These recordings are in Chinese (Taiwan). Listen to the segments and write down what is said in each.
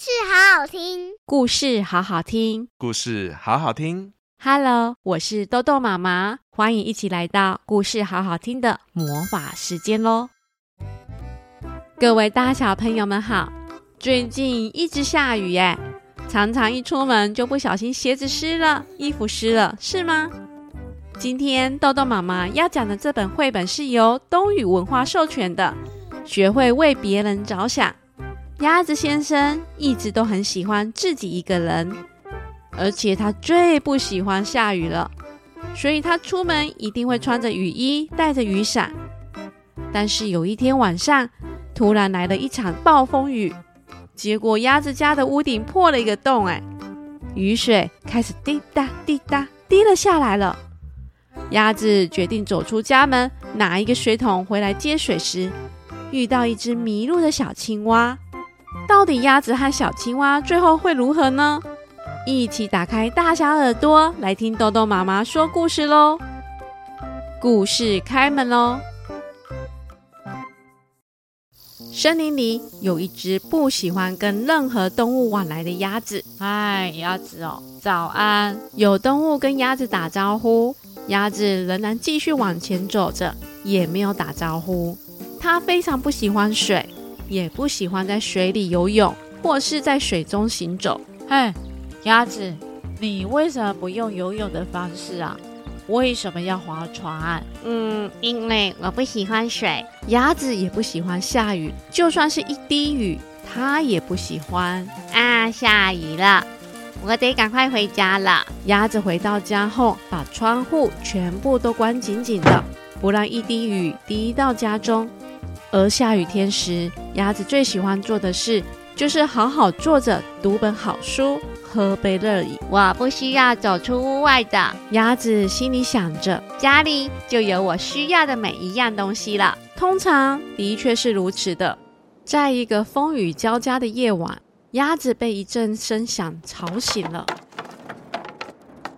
故事好好聽，故事好好聽，故事好好聽。Hello，我是荳荳媽媽，歡迎一起來到故事好好聽的魔法時間咯。各位大小朋友們好，最近一直下雨耶，常常一出門就不小心鞋子濕了，衣服濕了，是嗎？今天荳荳媽媽要講的這本繪本是由東雨文化授權的，《學會為別人着想》。鴨子先生一直都很喜歡自己一個人，而且他最不喜歡下雨了，所以他出門一定會穿着雨衣，帶着雨傘。但是有一天晚上，突然來了一場暴風雨，結果鴨子家的屋頂破了一個洞，欸，哎，雨水開始滴答滴答滴了下來了。鴨子決定走出家門，拿一個水桶回來接水時，遇到一隻迷路的小青蛙。到底鴨子和小青蛙最後會如何呢？一起打開大小耳朵來聽豆豆媽媽說故事嘍！故事開門嘍！森林裡有一只不喜歡跟任何動物往來的鴨子。嗨、哎，鴨子哦，早安！有動物跟鴨子打招呼，鴨子仍然繼續往前走着，也沒有打招呼。它非常不喜歡水。也不喜歡在水裡游泳，或是在水中行走。嘿，鴨子，你為什麼不用游泳的方式啊？為什麼要划船？嗯，因為我不喜歡水。鴨子也不喜歡下雨，就算是一滴雨，它也不喜歡。啊，下雨了，我得趕快回家了。鴨子回到家後，把窗戶全部都關緊緊的，不讓一滴雨滴到家中。而下雨天時，鴨子最喜歡做的事，就是好好坐着讀本好書，喝杯熱飲。我不需要走出屋外的。鴨子心裡想着，家裡就有我需要的每一樣東西了。通常的確是如此的。在一個風雨交加的夜晚，鴨子被一陣聲響吵醒了。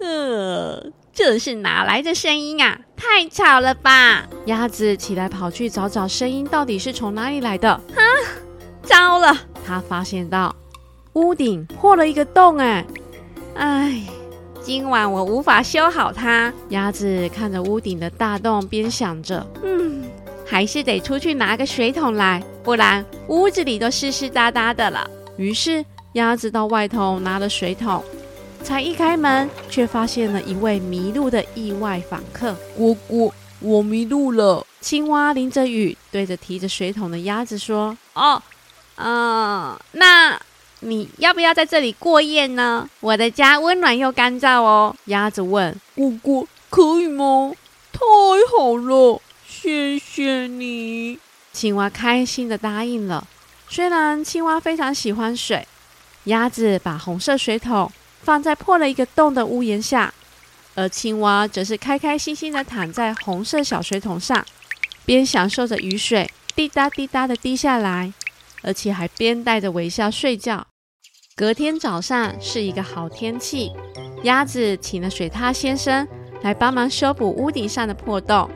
呃，這是哪來的聲音啊？太吵了吧！鴨子起來跑去找找聲音到底是從哪裡來的。啊，糟了！它發現到屋頂破了一個洞，欸，哎，哎，今晚我無法修好它。鴨子看着屋頂的大洞，邊想着：“嗯，還是得出去拿個水桶來，不然屋子裡都濕濕答答的了。”於是鴨子到外頭拿了水桶。才一開門，卻發現了一位迷路的意外訪客。嘓嘓，我迷路了。青蛙淋着雨，對着提着水桶的鴨子說：“哦，嗯、呃，那你要不要在這裡過夜呢？我的家溫暖又乾燥哦。鴨子問：“嘓嘓，可以嗎？”太好了，謝謝你。青蛙開心地答應了。雖然青蛙非常喜歡水，鴨子把紅色水桶，放在破了一個洞的屋檐下，而青蛙則是開開心心的躺在紅色小水桶上，邊享受着雨水滴答滴答的滴下來，而且還邊帶着微笑睡覺。隔天早上是一個好天氣，鴨子請了水獺先生來幫忙修補屋頂上的破洞。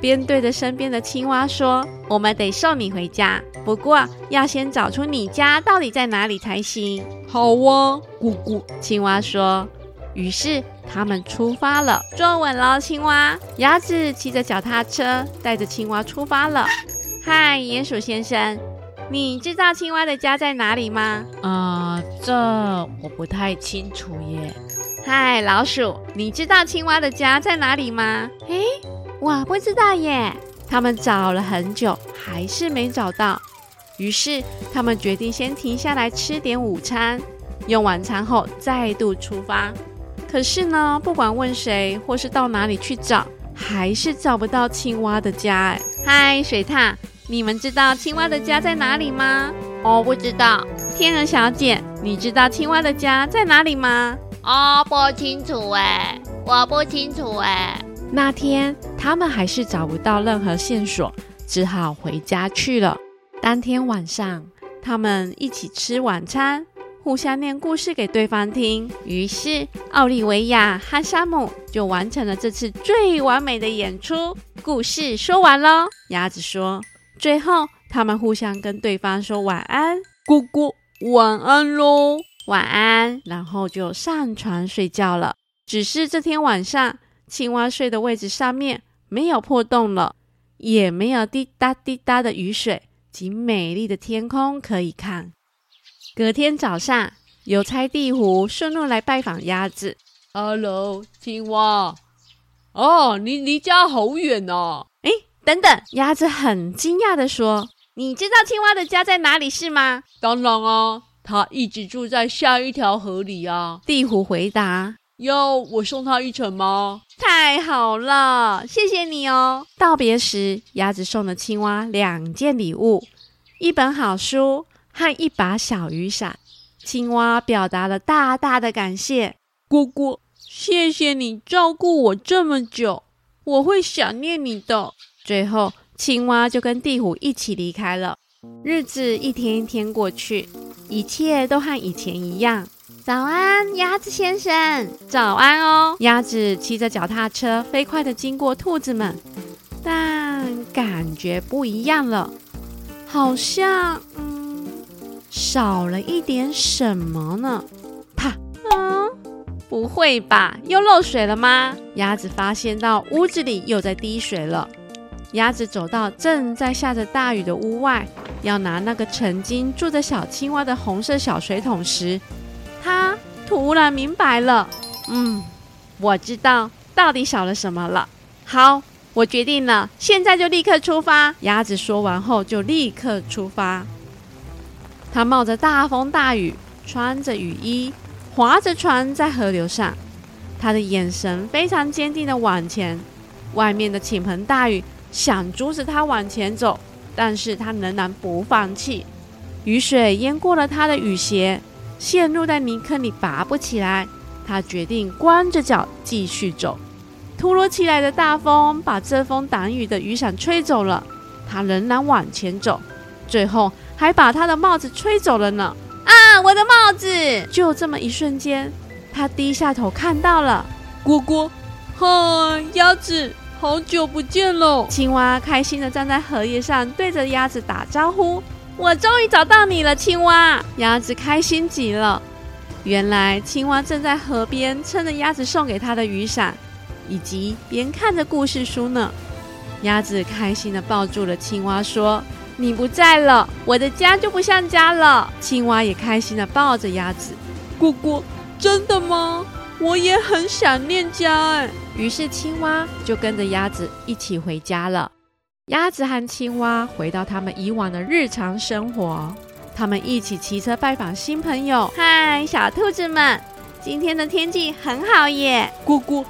邊對着身邊的青蛙說：“我們得送你回家，不過要先找出你家到底在哪裡才行。”好哦，咕咕，青蛙說。於是他們出發了。坐穩嘍，青蛙！鴨子騎着腳踏車，帶着青蛙出發了。嗨，鼴鼠先生，你知道青蛙的家在哪裡嗎？啊、呃，這我不太清楚耶。嗨，老鼠，你知道青蛙的家在哪裡嗎？嘿。我不知道耶，他們找了很久，還是沒找到。於是他們決定先停下來吃點午餐，用晚餐後再度出發。可是呢，不管問誰或是到哪裡去找，還是找不到青蛙的家耶。哎，嗨，水獺，你們知道青蛙的家在哪裡嗎？哦，不知道。天鵝小姐，你知道青蛙的家在哪裡嗎？哦，不清楚耶，我不清楚耶。那天。他們還是找不到任何線索，只好回家去了。當天晚上，他們一起吃晚餐，互相念故事給對方聽。於是，奧利維亞和沙姆就完成了這次最完美的演出。故事說完咯，鴨子說：“最後，他們互相跟對方說晚安，咕咕，晚安咯，晚安。”然後就上床睡覺了。只是這天晚上。青蛙睡的位置上面沒有破洞了，也沒有滴答滴答的雨水及美麗的天空可以看。隔天早上，郵差地虎順路來拜訪鴨子。Hello，青蛙。哦、oh，你離家好遠啊！哎，等等，鴨子很驚訝的說：“你知道青蛙的家在哪裡是嗎？”當然啊，他一直住在下一條河裡啊。地虎回答：“要我送他一程嗎？”太好了，謝謝你哦！道別時，鴨子送了青蛙兩件禮物：一本好書和一把小雨傘。青蛙表達了大大的感謝：“嘓嘓，謝謝你照顧我這麼久，我會想念你的。”最後，青蛙就跟地虎一起離開了。日子一天一天過去，一切都和以前一樣。早安，鴨子先生。早安哦，鴨子騎着腳踏車飛快地經過兔子們，但感覺不一樣了，好像嗯，少了一點什麼呢？啪！嗯、哦，不會吧？又漏水了嗎？鴨子發現到屋子裡又在滴水了。鴨子走到正在下着大雨的屋外，要拿那個曾經住着小青蛙的紅色小水桶時，突然明白了，嗯，我知道到底少了什麼了。好，我決定了，現在就立刻出發。鴨子說完後就立刻出發。他冒着大風大雨，穿着雨衣，划着船在河流上。他的眼神非常堅定地往前。外面的傾盆大雨想阻止他往前走，但是他仍然不放棄。雨水淹過了他的雨鞋。陷入在泥坑裡拔不起來，他決定光着腳繼續走。突如其來的大風把遮風擋雨的雨傘吹走了，他仍然往前走，最後還把他的帽子吹走了呢！啊，我的帽子！就這麼一瞬間，他低下頭看到了，嘓嘓。哈、啊，鴨子，好久不見了！青蛙開心的站在荷葉上，對着鴨子打招呼。我終於找到你了，青蛙！鴨子開心極了。原來青蛙正在河邊撐着鴨子送給它的雨傘，以及邊看着故事書呢。鴨子開心地抱住了青蛙，說：“你不在了，我的家就不像家了。”青蛙也開心地抱着鴨子。嘓嘓，真的嗎？我也很想念家哎。於是青蛙就跟着鴨子一起回家了。鴨子和青蛙回到他們以往的日常生活，他們一起騎車拜訪新朋友。嗨，小兔子們，今天的天氣很好耶！嘓嘓，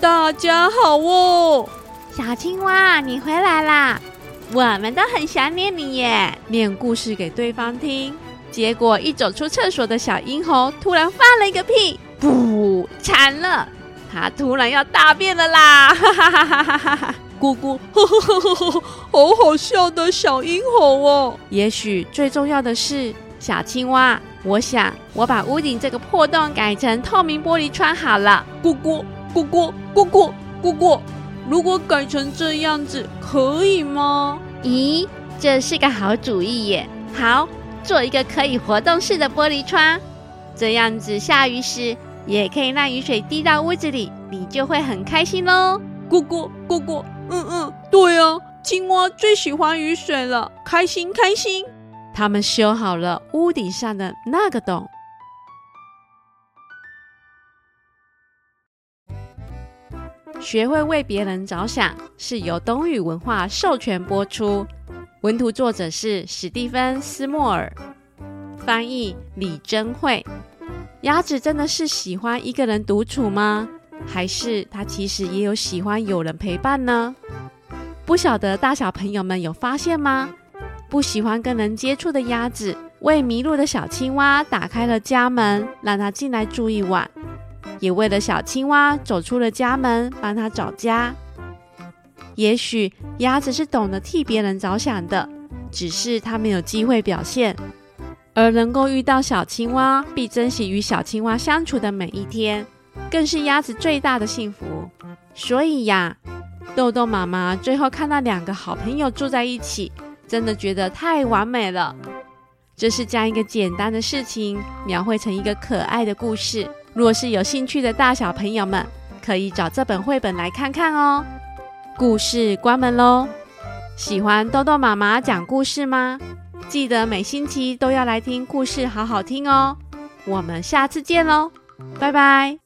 大家好哦！小青蛙，你回來啦！我們都很想念你耶！念故事給對方聽。結果，一走出廁所的小英猴突然放了一個屁，噗！慘，了，他突然要大便了啦！哈哈哈哈哈！哈。咕咕呵呵呵呵，好好笑的小英雄哦！也許最重要的是小青蛙。我想我把屋頂這個破洞改成透明玻璃窗好了。咕咕咕咕咕咕咕，咕，咕，咕，咕，咕，咕，如果改成這樣子可以嗎？咦，這是個好主意耶！好，做一個可以活動式的玻璃窗，這樣子下雨時也可以讓雨水滴到屋子裡，你就會很開心嘍。咕咕咕咕。咕咕。嗯嗯，對啊，青蛙最喜歡雨水了，開心開心。他們修好了屋頂上的那個洞。學會為別人着想，是由東雨文化授權播出。文圖作者是史蒂夫·斯默爾，翻譯李貞慧。鴨子真的是喜歡一個人獨處嗎？還是他其實也有喜歡有人陪伴呢？不曉得大小朋友們有發現嗎？不喜歡跟人接觸的鴨子，為迷路的小青蛙打開了家門，讓它進來住一晚，也為了小青蛙走出了家門，幫它找家。也許鴨子是懂得替別人着想的，只是它沒有機會表現。而能夠遇到小青蛙，必珍惜與小青蛙相處的每一天，更是鴨子最大的幸福。所以呀，豆豆媽媽最後看到兩個好朋友住在一起，真的覺得太完美了。這是將一個簡單的事情描繪成一個可愛的故事。若是有興趣的大小朋友們，可以找這本繪本來看看哦。故事關門嘍！喜歡豆豆媽媽講故事嗎？記得每星期都要來聽故事，好好聽哦。我們下次見嘍，拜拜。